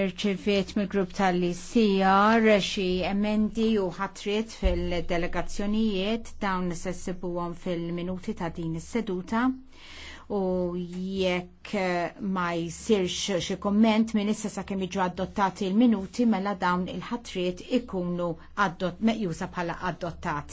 Irċiviet mill-grupp tal-ICR xi emendi u ħatriet fil-delegazzjonijiet dawn sessibuhom fil-minuti ta' din is-seduta u jekk eh, ma jsirx xi komment minn issa sakemm jiġu adottati l-minuti mela dawn il-ħatriet ikunu meqjusa bħala adottati.